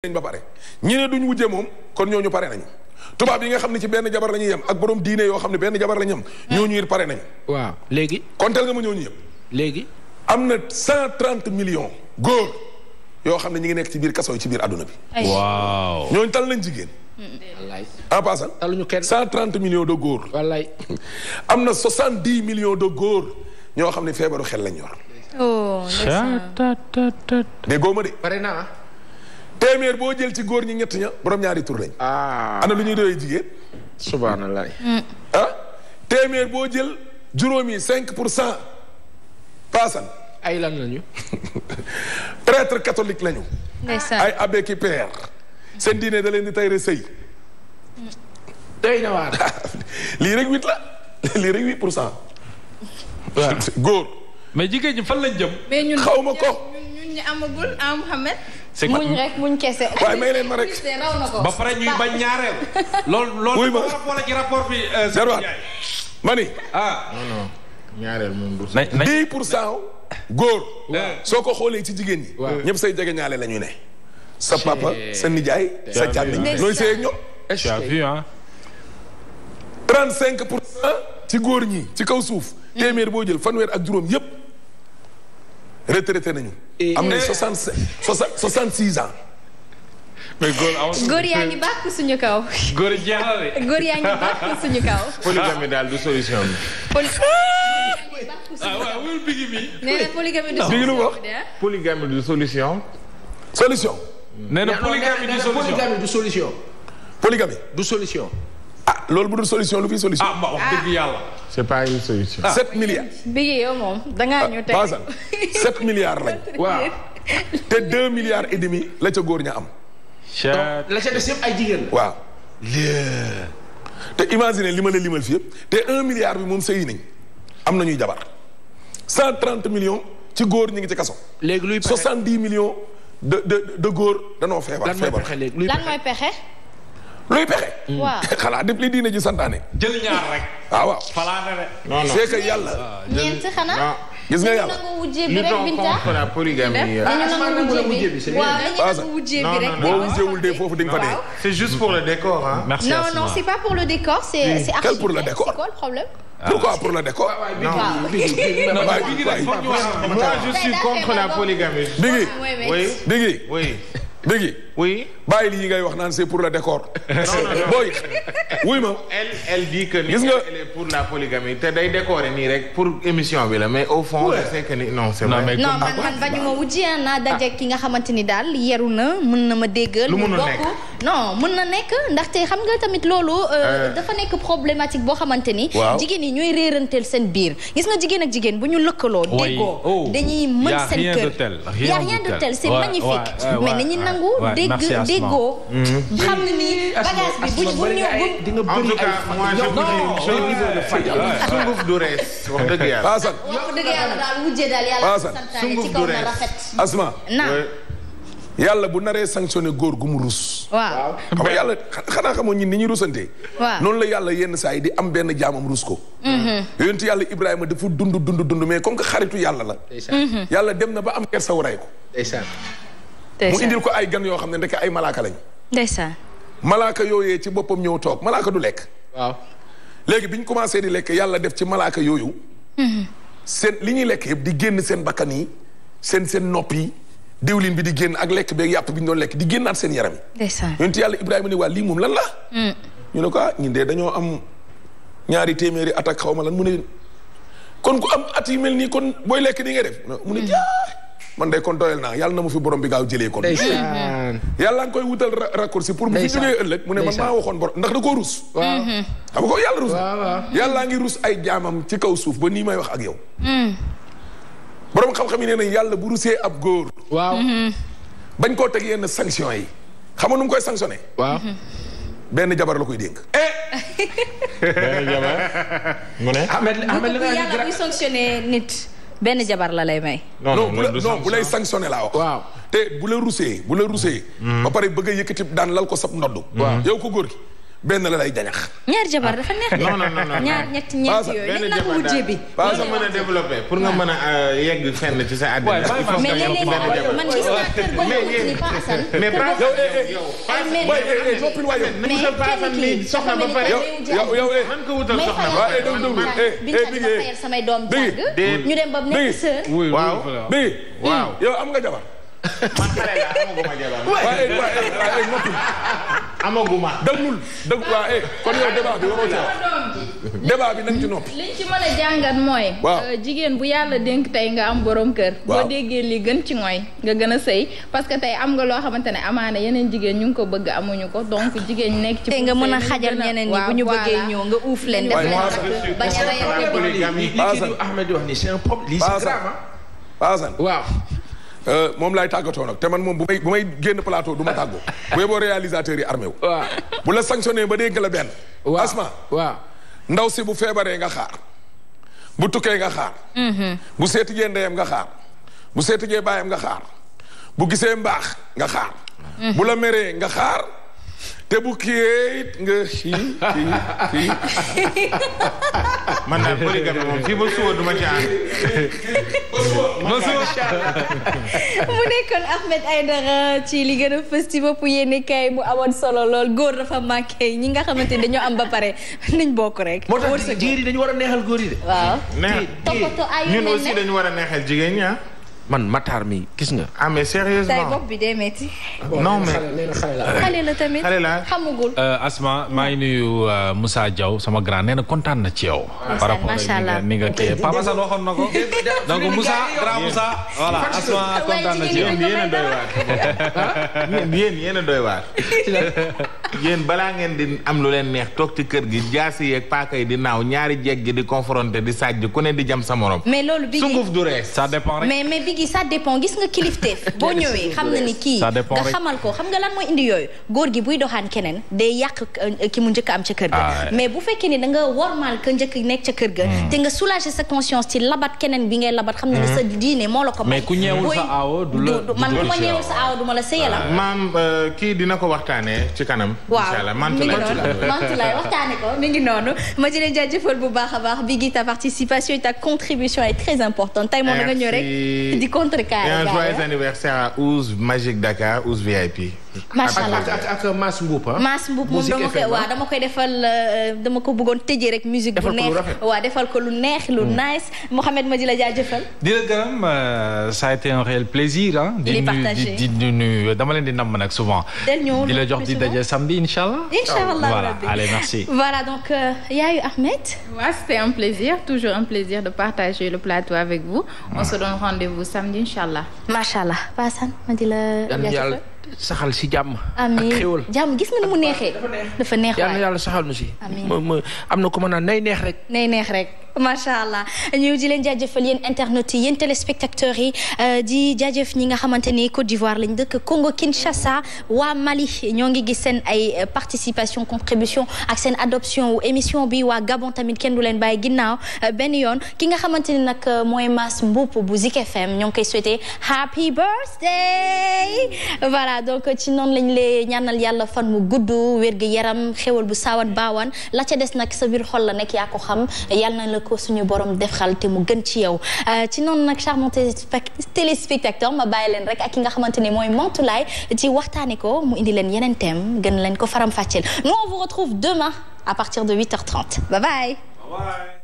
nañ ba pare ñi ne duñ wujje moom kon ñooñu pare nañu tubaab yi nga xam ne ci benn jabar la ñuy ak borom diine yoo xam ne benn jabar la ñuy yem ñooñu it pare nañu waaw léegi kontel nga ma ñooñu yëpp léegi am na cent trente millions góor yoo xam ne ñi ngi nekk ci biir kaso ci biir àdduna bi waaw ñooñu tal nañ jigéen en passant taluñu kenn cent trente millions de góor wallaay am na soixante dix millions de góor ñoo xam ne feebaru xel lañ yor oh, déggoo ma de naa téeméer boo jël ci góor ñi ñett ña borom ñaari tur lañ. ah lu ñuy doyee jigéen. subhanallah. Mm. ah téeméer boo jël juróomi cinq pour cent paasan. ay lan lañu. prêtre catholique lañu. ndeysaan ay abbé ki père. seen diine da leen di tayre sëy. Mm. doy na waar. lii rek huit la lii rek huit pour cent. góor. mais jigéen ñi fan lañ jëm. xaw ma ko mais ñun ñun ñu amagul ah Mouhamed. c'est muñ rek muñ kese. waaye leen ma rek ba pare ñuy bañ ñaareel. loolu loolu ma boole rapport bi. Zerwaat euh, ma ni. ah non ñaareel moom du. pour cent góor. Eh. soo ko xoolee ci jigéen ñi. waaw ñëpp say jege ñaale la ñu ne. sa papa sa nijaay sa càmmiñ. nooy sëy ak ñoom. tu pour cent ci góor ñi ci kaw suuf. Mm. téeméer boo jël fanweer ak juróom yëpp. retraité nañu. am nañu soixante soixante six ans. mais góor amoon góor yaa ngi bàkk suñu kaw. góor ngi bàkk suñu kaw. polygamie daal du solution bi. poly. Ah, bi. nee na ah. polygamie du solution bi solution. solution. nee na du solution polygamie du du solution. ah loolu bu dul solution lu fi solution. ah wax dëgg yàlla. Ah. c'est pas une solution. ah 7 milliards. bii yow moom da ngaa ñu tey. 7 milliards lañ. waaw te 2 et demi la ca góor ña am. la ca des yëpp jigéen la. waaw. te imagine li ma la limal fi yëpp te 1 milliard bi moom sëyi nañ am na ñuy jabar 130 millions ci góor ñu ngi ci kaso. léegi luy pexe 70 millions de de góor danoo feebar. feebar lan mooy pexe. luy pexe. xanaa def li diine ji santaane. jël ñaar rek. ah waaw falaate rek. non non c'est que yàlla. Ah, ñeent xanaa. gis nga yàlla li doon contre la polygamie. ah dañu wujjee bi rek. boo wujjeewul dee foofu di nga fa dee. c'est juste pour le décor ah. merci non non c'est pas pour le décor c'est c'est quel ah, pour le décor c'est ah, quoi le problème. pourquoi pour le décor. non non moi je suis contre la polygamie. Bigui. oui Bigui. oui. dégg oui bàyyi lii ngay wax naan c'est pour la décor. booy wuy ma. elle elle dit que ni pour la polygamie te day décorer nii rek pour émission bi la mais au fond. c'est que ni non c'est man man bañu ma ah, naa daje ah. ki nga xamante ni daal yeru na mën na ma déggal. lu mun nekk non mën na nekk ndaxte xam nga tamit loolu. Euh, euh. dafa nekk problématique boo xamante ni. jigéen yi ñooy réeranteel seen biir gis nga jigéen ak jigéen bu ñu lëkkaloo. déggoo oh. dañuy mën seen kër. y rien de tel nangu dégg déggoo. Mm-hmm. xam ne nii bagage bi bu bu di nga bëri ay sunguf du rees wax dëgg yàlla. wax dëgg yàlla daal mujjee daal yàlla santaane ci kaw na rafet. asma yàlla bu naree sanctionné góor gu mu rus. waaw xam yàlla xanaa xamoo ñun ni ñuy rusante. waaw noonu la yàlla yenn saa yi di am benn jaamam rus ko. Mm-hmm. yonent yàlla Ibrahima dafa dund dund dund mais comme que xaritu yàlla la. Mm-hmm. yàlla dem na ba am kersa wu rey ko. mu indil ko ay gan yoo xam ne ndeke ay malaaka lañ. ndeysaan. malaaka yooyee ci boppam ñëw toog malaaka du lekk. waaw léegi bi ñu commencé di lekk yàlla def ci malaaka yooyu. Mm-hmm. seen li ñuy lekk yëpp di génn seen bakkan yi seen seen nopp yi diwlin bi di génn ak lekk beeg yàpp bi ñu doon lekk di génn génnaat seen yaram yi. ndeysaan yàlla Ibrahima ni waa moom lan la. Mm. ñu ne ko ah ñun de dañoo am ñaari téeméeri at ak xaw ma lan mu ne kon ku am at yi mel nii kon booy lekk nii nga def mu ne. Mm. man day kon doyal naa yàlla na mu fi borom bi gaaw jëlee kon yàlla nga koy wutal raccourci pour mu fi jógee ëllëg mu ne man maa waxoon borom ndax da koo rus xam nga ko yàlla rus yàllaa ngi rus ay jaamam ci kaw suuf ba nii may wax ak yow borom xam-xam yi nee nañ yàlla bu rusee ab góor waaw bañ koo teg yenn sanction yi xam nga nu mu koy sanctionné waaw benn jabar la koy dénk eh! benn jabar mu ne Ahmed Ahmed li nga sanctionné nit benn jabar la lay may. non non bu lay sanctionné laa wax. waaw te bu la rusee bu la rusee. Mm. ba pare bëgg a yëkkati daan lal ko sab ndodd. waaw mm. yow ko góor gi. benn la lay jañax. ñaari jabar dafa neex de. non non non ñaar ñetti ñeenti yooyu. lan la mujjee bi. parce que mën a développé pour nga mën a euh, yegg fenn ci sa àddina. mais léeg-léeg man gis naa kër boo xamante ni Paa Assane. mais Paa yow am nga jabar man xale la amaguma jabar. waaye amaguma. dëggul dëgg waa eh kon yow débat bi waroo caa. débat liñ ci mën a jàngat mooy. waaw euh, jigéen bu yàlla dénk tey nga am boroom kër. boo déggee li gën ci mooy nga gën a sëy parce que tey am nga loo xamante ne amaana yeneen jigéen ñu ngi ko bëgg amuñu ko donc jigéen nekk ci. tey nga mën a xajal ñeneen ñi bu ñu bëggee ñëw nga uuf leen. def leen ak bañ a rey. Ahmed wax ni c'est un lii c'est grave. waaw. Euh, moom laay tàggatoo nag te man moom bu may bu génn plateau duma ma tàggoo bu yeboo réalisateur yi armé wu. waaw ba dégg la benn. waaw asma ndaw si bu feebaree nga xaar. bu tukkee nga xaar. Mm-hmm. bu seetijee ndeyam nga xaar. bu seetijee baayam nga xaar. bu gisee mbaax nga xaar. Mm-hmm. bu la meree nga xaar. te bu kiyee man daal polygamie moom fii ba suba du ma ci ànd. ba suba mu nekkoon Ahmed Aidara ci li gën a fës ci boppu yéen kay mu amoon solo lool góor dafa manqué ñi nga xamante ni dañoo am ba pare nañ bokk rek. moo tax jiir yi dañu war a neexal góor yi de. waaw neex toppatoo ayu ñun aussi dañu war a neexal jigéen ñi ah. man Matar mi gis nga. ah mais sérieusement tey bopp bi day non mais xale la euh, maa ngi nuyu euh, Moussa Diaw sama grand nee kontaan ci yow. par rapport ni nga kii grand Moussa. Asma kontaan ci yow ah? yéen a doy waar. yéen yéen doy waar. yéen balaa ngeen di am lu leen neex toog ci kër gi jaasi yeeg paaka yi di naaw ñaari jeg gi di confronter di sàjj ku ne di jam sa morom. mais loolu bigi sunguf du rees. ça dépend rek mais mais bigi ça dépend gis nga kilifteef boo ñëwee xam na ni kii nga xamal ko xam nga lan mooy indi yooyu góor gi buy doxaan keneen de yàq euh, ki mu njëkk am ca kër ga ah, mais bu fekkee ni da nga wormaal ka njëkk nekk ca kër ga hmm. te nga soulager sa conscience ci labat keneen bi ngay labat xam na ni hmm. sa diine moo la ko may ku ñeewul sa du la man ku ma ñeewul sa aawo ma la sëyala maam euh, ko waxtaane ci kanam waaw mi ngi noonu Mantoulaye waxtaane ko mi ngi noonu ma di leen jaajëfal bu baax a baax Bigui ta participation et ta contribution est très importante tey moom nga ñëw rek di contrecarrer et un joyeux anniversaire à Ouz Magique Dakar Ouz VIP macha allah ak ak ak ah. ah. dama koy defal euh, dama ko bëggoon tëjee rek musique bu neex waa defal ko lu neex lu hmm. nice Mouhamed ma di la jaajëfal di la gërëm euh, ça a été un réel plaisir ah di partagé di di dama leen di namm nag souvent di la jox di daje samedi incha allah incha allah voilà allez merci voilà donc euh, Yaayu Ahmed waaw c'était un plaisir toujours un plaisir de partager le plateau avec vous on se donne rendez-vous samedi incha allah macha allah Paasaan ma di saxal si jàmm. ak xéwal jàmm gis nga ni mu neexee. dafa neex yàlla yàlla saxal nu si. am na ko nay neex rek. nay neex rek macha allah ñu di leen jaajëfal yéen internet yi yéen téléspectateurs yi euh, di jaajëf ñi nga xamante ni Côte d'Ivoire lañ dëkk Congo Kinshasa waa Mali ñoo ngi gis seen ay euh, participation contribution ak seen adoption émission bi waa Gabon tamit kenn du leen bàyyi ginnaaw euh, benn yoon ki nga xamante ni nag mooy Mass Mboup bu Zik FM ñoo ngi koy souhaité happy birthday voilà. voilà donc ci noonu lañ lay ñaanal yàlla fan mu gudd wér gi yaram xéwal bu saawan baawan la ca des nag sa biir xol la nekk yaa ko xam yàlla na la ko suñu borom def xal te mu gën ci yow euh, ci noon nag charmant téléspectateur ma bàyyi leen rek ak ki nga xamante ne mooy Mantoulaye ci waxtaane ko mu indi leen yeneen thème gën leen ko faram fàcceel nous on vous retrouve demain à partir de 8h30 bye bye.